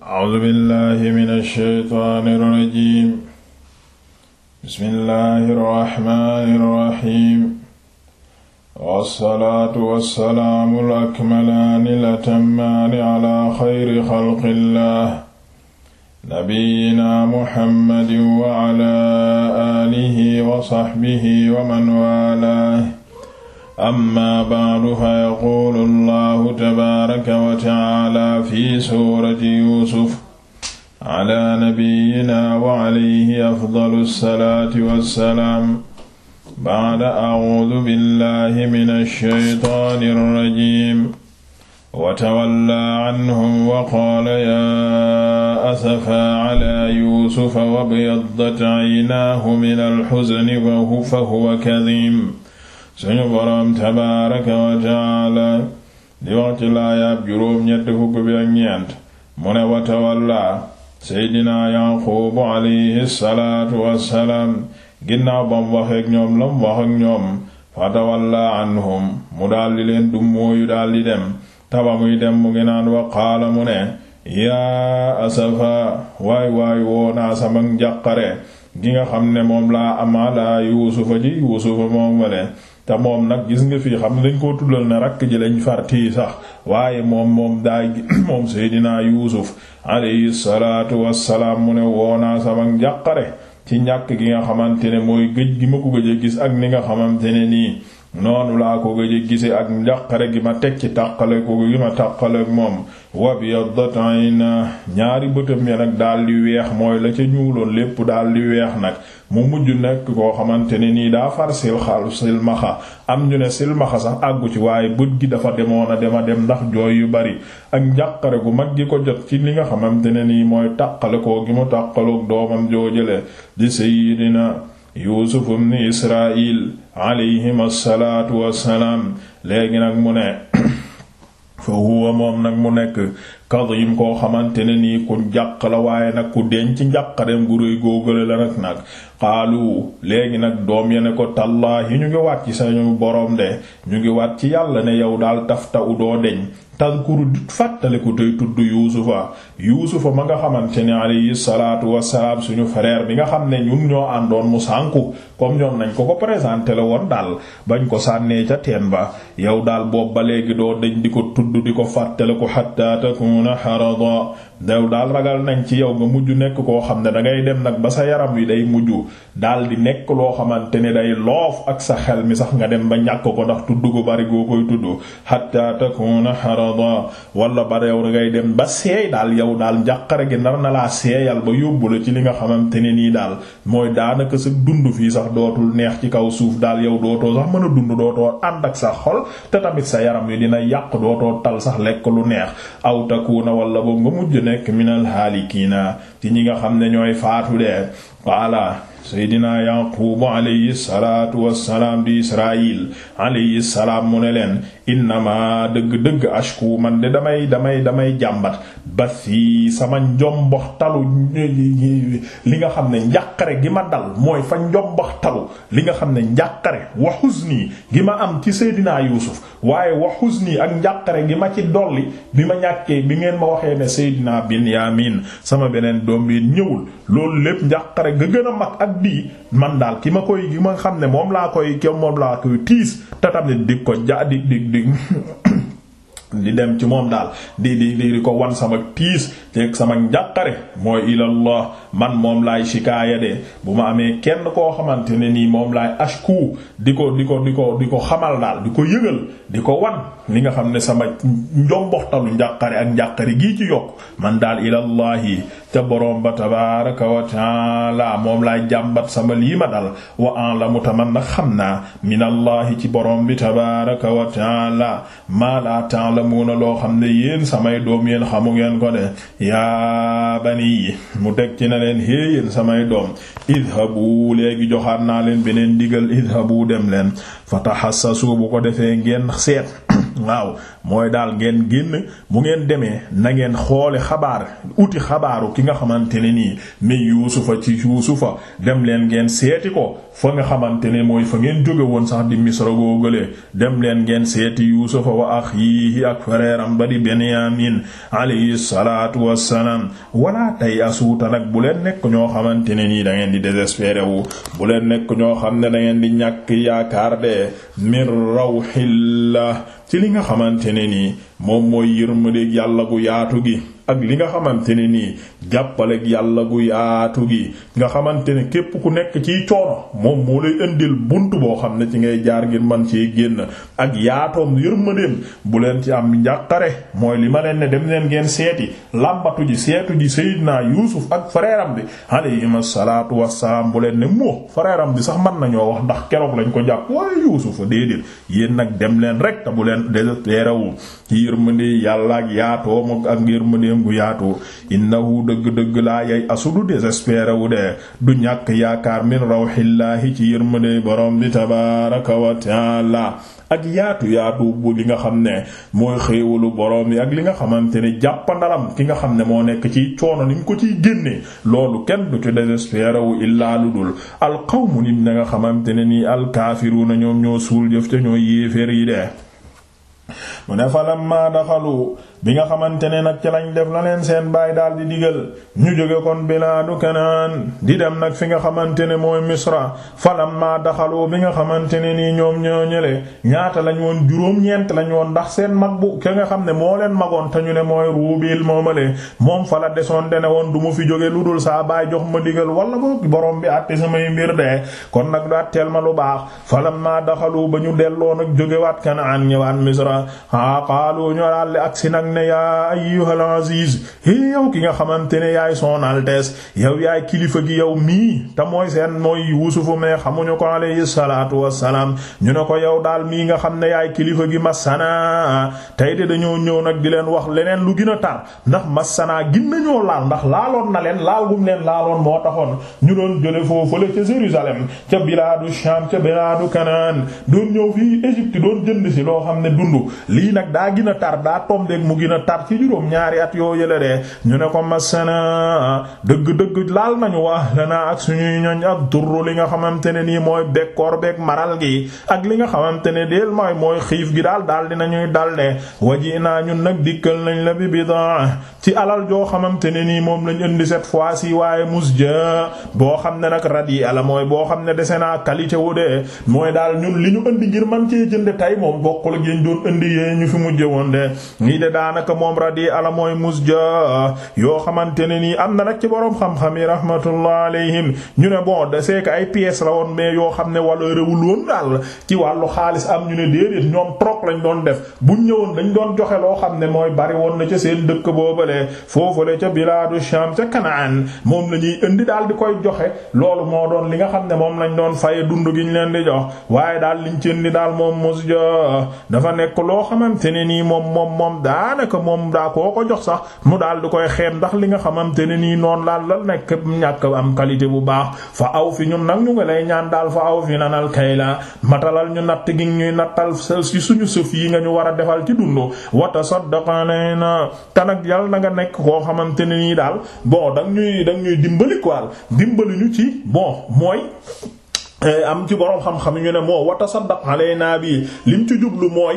A'uuzu billaahi mina shaytaani rajiim. Bismillaahi rahmaani rahiim. Wassalaatu wassalaamu al-akmalaani al-atammaani alaa xayri xalqillaah. Nabiyyinaa Muhammadin wa alaa aalihi wa sahbihi wa man waalaah. amma ba'du fa yaquulu allahu tabaaraka wa ta'aala fi suurati yuusuf ala nabiyyina wa alayhi afdalu salaati wassalaam ba'da a'uudu billahi mina shaytaani rajiim wa tawalla anhum wa qaala yaa asafaa ala yuusufa wabyaddat aynaahu minal huzni fa huwa kadiim suñu boroom tabaaraka wa taala di wax ci laayaab juróom ñett fukk bi ak ñeent mu ne watawallaa seydinaa yaaquubu alayhi salaatu wassalaam ginnaaw bam waxeek ñoom lam wax ak ñoom fatawallaa anhum mu daldi leen dummóoyu daldi dem taba muy dem mu ngi naan wa qaala mu ne yaa asafa waay waay woo naa sama gi nga xam ne moom laa ama laa yuusufa ji yuusufa moom wale te moom nag gis nga fii xam ne dañ koo tuddal na rakk ji lañ fartii sax waaye moom moom daa moom seydinaa yuusuf alayhi salaatu wassalaam mu ne woonaa sama njàqare ci ñàkk gi nga xamante ne mooy gëj gi ma ko gëj a gis ak ni nga xamante ne nii noonu laa ko gëj a gise ak njàqare gi ma teg ci tàqale ko gi ma tàqale moom wabyadat ayna ñaari bëtam ya nag daal di weex mooy la ca ñuuloon lépp daal di weex nag mu mujj nekk koo xamante ne nii daa far silxal silmaxa am ñu ne silmaxa sax àggu ci waaye bët gi dafa demoon a dem ndax jooy yu bari ak njàqare gu mag gi ko jot ci li nga xamante ne nii mooy tàqale koo gi mu tàqaloog doomam joojale di sayidina yusuf ibn israil alayhim assalaatu wassalaam léegi nag mu ne fa huwa moom nag mu nekk kaddu yim koo xamante ne nii ku njàq la waaye nag ku deñ ci denc njàqareem gu réy góogale la nag nag xaalu léegi nag doom ya ne ko tallaahi ñu ngi waat ci sañu boroom de ñu ngi waat ci yàlla ne yow daal tafta u doo deñ tadkuru di fàttaliku tey tudd yuusufa yuusufa ma nga xamante ne alayhi salaatu wassalaam suñu frère bi nga xam ne ñun ñoo àndoon mu sànku comme ñoom nañ ko ko présenté la woon daal bañ ko sànnee ca teen ba yow daal boobu léegi doo deñ di ko tudd di ko fàttaliku hatta yusmi'una xarada daw daal ragal nañ ci yow nga mujj nekk koo xam ne dangay dem nag ba sa yaram wi day mujj daal di nekk loo xamante ne day loof ak sa xel mi sax nga dem ba ñàkk ko ndax tudd gu bari goo koy tudd hatta takuna harada wala ba yow dangay dem ba seey daal yow daal njàqare gi nar na laa seeyal ba yóbbu la ci li nga xamante ne nii daal mooy daanaka sa dund fii sax dootul neex ci kaw suuf daal yow dootoo sax mën a dund dootoo ànd ak sa xol te tamit sa yaram wi dina yàq dootoo tal sax lekk lu neex aw takuna wala bo nga mujj nekk minal haalikiina ci ñi nga xam ne ñooy faatu de qaala seydina yaqubu alayhi salaatu wassalaam di israil alayhi salaam mu ne leen innama dëgg-dëgg ashku man de damay damay damay jàmbat bas yi sama njombox talu li nga xam ne njàqare gi ma dal mooy fa njombox talu li nga xam ne njàqare wa huzni gi ma am ci Seydina Yuusuf waaye wa huzni ak njàqare gi ma ci dolli bi ma ñàkkee bi ngeen ma waxee ne Seydina Binyamin sama beneen doom bi ñëwul loolu lépp njàqare ga gën a mag ak bii man daal ki ma koy gi ma xam ne moom laa koy moom laa koy tiis te tamit di ko ja di dig di dem ci moom daal di di di ko wan sama tiis teeg sama njàqare mooy ilallah man moom laay shikaaya de bu ma amee kenn koo xamante ne nii moom laay ashku di ko di ko di ko di ko xamal daal di ko yëgal di ko wan li nga xam ne sama njomboxtalu njàqare ak njàqare gii ci yokk man daal ilallahi te boroom ba tabaraka wa taala moom laay jàmbat sama lii ma dal wa an la mu taman na xam naa minallahi ci boroom bi tabaraka wa taala ma la ta'lam taalamuuna loo xam ne yéen samay doom yéen xamu ngeen ko de yaa bani mu teg ci na leen hee samay doom idhabu léegi joxaat naa leen beneen digal idhabu dem leen fa fatahassasu bu ko defee ngeen seet waaw mooy daal ngeen génn bu ngeen demee na ngeen xoole xabaar uti xabaaru ki nga xamante ne nii mais yuusufa ci yuusufa dem leen ngeen seeti ko fa nga xamante ne mooy fa ngeen jóge woon sax di misra googale dem leen ngeen seeti yuusufa wa axiihi ak fereeram ba di benyamin alayhi salaatu wassalaam wala tay asuuta nag bu leen nekk ñoo xamante ne nii da ngeen di désespéré wu bu leen nekk ñoo xam ne da ngeen di ñàkk yaakaar de min rawhillah ci li nga xamante ne nii moom mooy yërmandeeg yàlla gu yaatu gi ak li nga xamante ne nii jàppaleeg yàlla gu yaatu gi nga xamante ne képp ku nekk ciy coono moom moo lay indil bunt boo xam ne ci ngay jaar ngir man ci génn ak yaatoom yërmandeem bu leen ci am njàqare mooy li ma leen ne dem leen ngeen seeti làmbatu ji seetu ji Seydina Yuusuf ak frère bi alayhim salaatu wassalaam bu leen ne moo frère am bi sax mën nañoo wax ndax keroog lañ ko jàpp waaye Yuusuf déedéet yéen nag dem leen leen yërmande yàlla ak yaatoo moom ak yërmandeem bu yaatu wu dëgg-dëgg laa yay asudu désespéré wu de du ñàkk yaakaar min rawxillaahi ci yërmande borom bi tabaraka wa taala ak yaatu yaatu bu li nga xam ne mooy xéewalu borom bi ak li nga xamante ne jàppandalam ki nga xam ne moo nekk ci coono ni mu ko ciy génne loolu kenn du ci désespéré wu illaa lu dul alqawmu nit na nga xamante ne nii alkaafiruuna ñoom ñoo suul jëf te ñoo yéeféer yi de mu ne fa lamma daxalu bi nga xamante ne nag ci lañ def la leen seen baay daal di digal ñu jóge kon bilaadu kanaan di dem nag fi nga xamante ne mooy misra falamma daxalu bi nga xamante ne nii ñoom ñoo ñële ñaata lañ woon juróom lañ woon ndax seen mag bu ke nga xam ne moo leen magoon te ñu ne mooy ruubil moomale moom fa la desoon dene woon du mu fi jóge lu dul saa baay jox ma digal wala borom bi àtte samay mbir de kon nag daa ma lu baax falamma daxalu ba ñu delloon ak jógewaat kanaan ñëwaat misra agsi nag ne yaa ayyuhal aziz hé yow ki nga xamante ne yaay son altesse yow yaay kilifa gi yow mii te mooy seen mooy Yuusufu mais xamuñu ko alayhi salaatu wassalaam ñu ne ko yow daal mii nga xam ne yaay kilifa gi massana tey de dañoo ñëw nag di leen wax leneen lu gën a tar ndax massana gin nañoo laal ndax laaloon na leen laal gum leen laaloon moo taxoon ñu doon jële foofu la ca Jérusalem ca bilaadu Sham ca bilaadu Kanaan doon ñëw fii Égypte doon jënd ci loo xam a gën tar ci juróom ñaari at yoo yële de ñu ne ko masana dëgg-dëgg laal nañu wax lana ak suñuy ñoñ ak durru li nga xamante ne nii mooy bekkoor beeg maral gi ak li nga xamante ne deel mooy mooy xiif gi daal daal dinañuy dal de waji naa ñun nag dikkal nañ la bi bidaa ci alal joo xamante ne nii moom lañ indi set fois ci waaye musja boo xam ne nag rad yi ala mooy boo xam ne dese naa qualité wu de mooy daal ñun li ñu indi ngir man cee jënd tay moom bokkul ak yéen daanaka moom radi ala mooy musja yoo xamante ne nii am na nag ci boroom xam-xam yi rahmatullah alayhim ñu ne bon de c'est ay pièces la woon mais yoo xam ne wala réwul woon daal ci wàllu xaalis am ñu ne déedéet ñoom troc lañ doon def buñ ñëwoon dañ doon joxe loo xam ne mooy bari woon na ca seen dëkk boobale foofale ca biladu Sham ca Kanaan moom la ñuy indi daal di koy loolu moo doon li nga xam ne moom lañ doon faye dund gi ñu leen di jox waaye daal liñ ci indi daal moom mos jo dafa nekk loo xamante ne nii moom moom moom daal daanaka moom daa koo ko jox sax mu daal di koy xeet ndax li nga xamante ne nii noon laal la nekk ñàkk am qualité bu baax fa aw fi ñun nag ñu ngi lay ñaan daal fa aw fi nanal kayla matalal ñu natt gi ñuy nattal su suñu sëf yi nga ñu war a defal ci dundu wa tasaddaq alayna te nag yàlla na nga nekk koo xamante ne nii daal boo dang ñuy dang ñuy dimbali quoi dimbali ñu ci bon mooy Eh, am ci borom xam-xam ñu ne moo wa tasaddaq alayna bi lim ci jublu mooy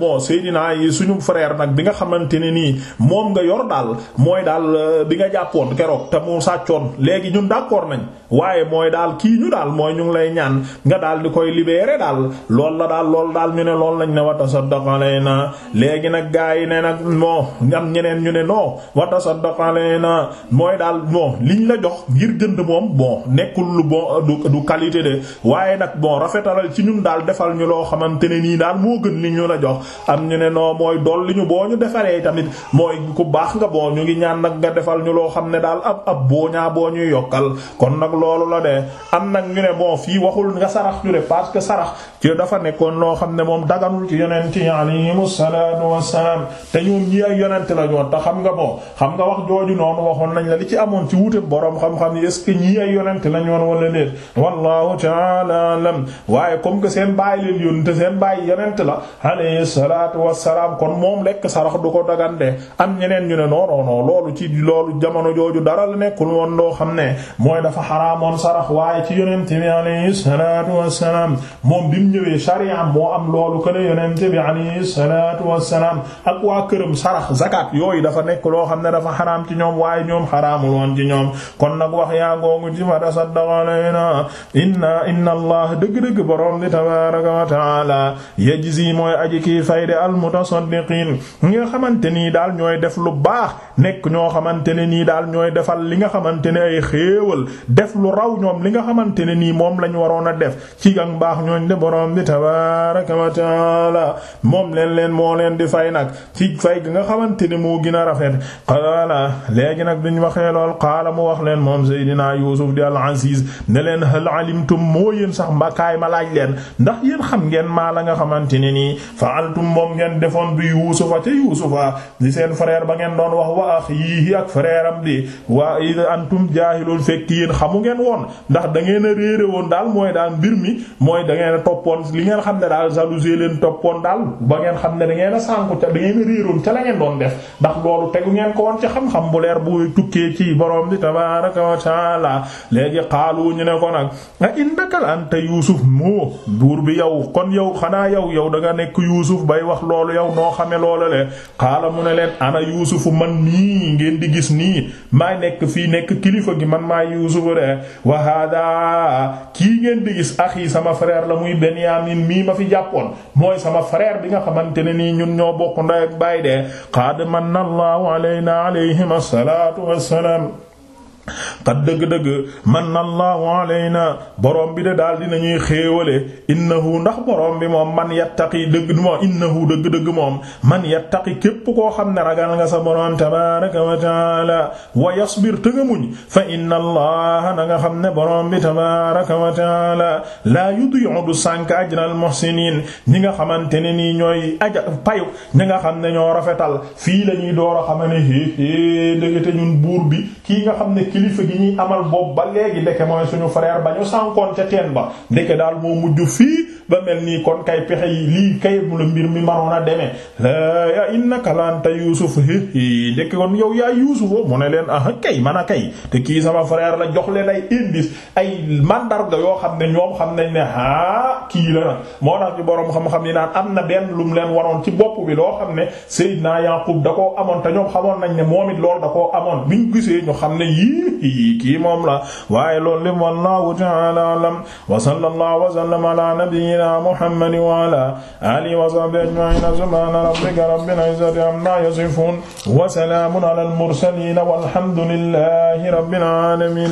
bon eh, Seydina yi suñu frère nag bi nga xamante ne nii moom nga yor daal mooy daal eh, bi nga jàppoon keroog te mu sàccoon léegi ñun d'accord nañ waaye mooy daal kii ñu daal mooy ñu ngi lay ñaan nga daal di koy libérer daal lool la daal lool daal ñu ne lool lañ ne wa tasaddaq alayna léegi nag gaa yi ne nag moo am ñeneen ñu ne non wa tasaddaq alayna mooy daal bon liñ la jox ngir jënd moom bon nekkul lu bon du qualité de de waaye nag bon rafetalal ci ñun daal defal ñu loo xamante ne nii daal moo gën li ñu la jox am ñu ne noo mooy dool dolli ñu boo ñu defaree tamit mooy ku baax nga boo ñu ngi ñaan nag nga defal ñu loo xam ne daal ab ab booñaa boo ñuy yokkal kon nag loolu la de am nag ñu ne fii waxul nga sarax ñu de parce ci dafa nekkoon noo xam ne moom daganul ci yonent yi alayhimu salaatu wassalaam te ñoom ñi ay yonent la ñoon te xam nga bon xam nga wax jooju noonu waxoon nañ la li ci amoon ci wuute boroom xam-xam yi est-ce que ñi ay yonent la ñoon wala ta'ala alam waaye comme que seen bàyyi leen yónni te seen bàyyi yonent la alayhi salaatu wassalaam kon moom lekk sarax du ko dagan de am ñeneen ñu ne non non non loolu ci loolu jamono jooju dara la nekkul woon loo xam ne mooy dafa xaraamoon sarax waaye ci yonent bi alayhi salaatu wassalaam moom bi mu ñëwee sharia moo am loolu ko ne yonent bi alayhi salaatu wassalaam ak waa këram sarax zakat yooyu dafa nekk loo xam ne dafa xaraam ci ñoom waaye ñoom xaraamul ci ñoom kon nag wax yaa googu ci fa tasaddaqa alayna inna inna inna allah dëgg-dëgg borom di tabaaraka wa taala yajzi mooy aji kii fayde almutasaddiqiin ñi nga xamante nii daal ñooy def lu baax nekk ñoo xamante ne nii daal ñooy defal li nga xamante ne ay xéewal def lu raw ñoom li nga xamante ne nii moom lañu waroon a def ci ak baax ñooñ de borom di tabaaraka wa taala moom leen leen moo leen di fay nag ci fay gi nga xamante ne moo gën a rafet qaala léegi nag duñ waxee lool qaala mu wax leen moom seydinaa moo yéen sax ma kaay ma leen ndax yéen xam ngeen maa la nga xamante ne nii faaltum moom ngeen defoon bi yuusufa ca yuusufa di seen frère ba ngeen doon wax wa axiihi ak frère bi di wa id antum jaahiluun fekk yéen xamu ngeen woon ndax da ngeen a woon daal mooy daal mbir mi mooy da ngeen a toppoon li ngeen xam ne daal jalousie leen toppoon daal ba ngeen xam ne da ngeen a sànku ca da a réeroon ca la ngeen doon def ndax loolu tegu ngeen ko woon ci xam bu leer bu tukkee ci borom bi tabaaraka wa taala innaka la anta yuusuf moo buur bi yow kon yow xanaa yow yow da nga nekk yuusuf bay wax loolu yow noo xame loola le xaala mu ne leen ana yuusufu man nii ngeen di gis nii maa nekk fii nekk kilifa gi man maa yuusufu de wa hada kii ngeen di gis axi sama frère la muy benyamin mii ma fi jàppoon mooy sama frère bi nga xamante ne nii ñun ñoo bokk nday ak baay de qad manna allahu alayna alayhim assalaatu wassalaam qad dëgg-dëgg man allahu naa boroom bi de daal dinañuy xéewale innahu ndax borom bi moom man yattaqi dëgg moom innahu dëgg-dëgg moom man yattaqi képp koo xam ne ragal nga sa borom tabaraka wa taala wa yasbir te nga muñ fa inna allaha na nga xam ne boroom bi tabaraka wa taala laa yudi'u du sànk ajral muhsinin ñi nga xamante ne nii ñooy aja payu ñi nga xam ne ñoo rafetal fii la door a xama ne xéexée dëgg ñun buur bi kii nga xam ne kilifa gi ñuy amal boobu ba léegi ndeke mooy suñu frère ba ñu sànkoon ca teen ba ndeke daal moo mujj fii ba mel nii kon kay pexe yi lii kay mu la mbir mi manoon a demee laa innaka lanta yuusuf hi ndeke kon yow yaa yuusuf mu ne leen ah man a kay kii sama frère la jox leen ay indice ay mandarga yoo xam ne ñoom xam nañ ne ah kii la nag moo tax ci borom xam-xam yi naan am na benn lum leen waroon ci bopp bi loo xam ne Seydina Yaqub da koo amoon te ñoom xamoon nañ ne moom it loolu da koo amoon biñ gisee ñu xam ne yii kii moom la waaye loolu lim wallahu ta'ala alam wa sallallahu wa sallama ala nabiyyina muhammad wa ala alihi wa sahbihi ajma'in subhana rabbika rabbil izzati amma yasifun wa salamun ala al mursalin walhamdulillahi rabbil alamin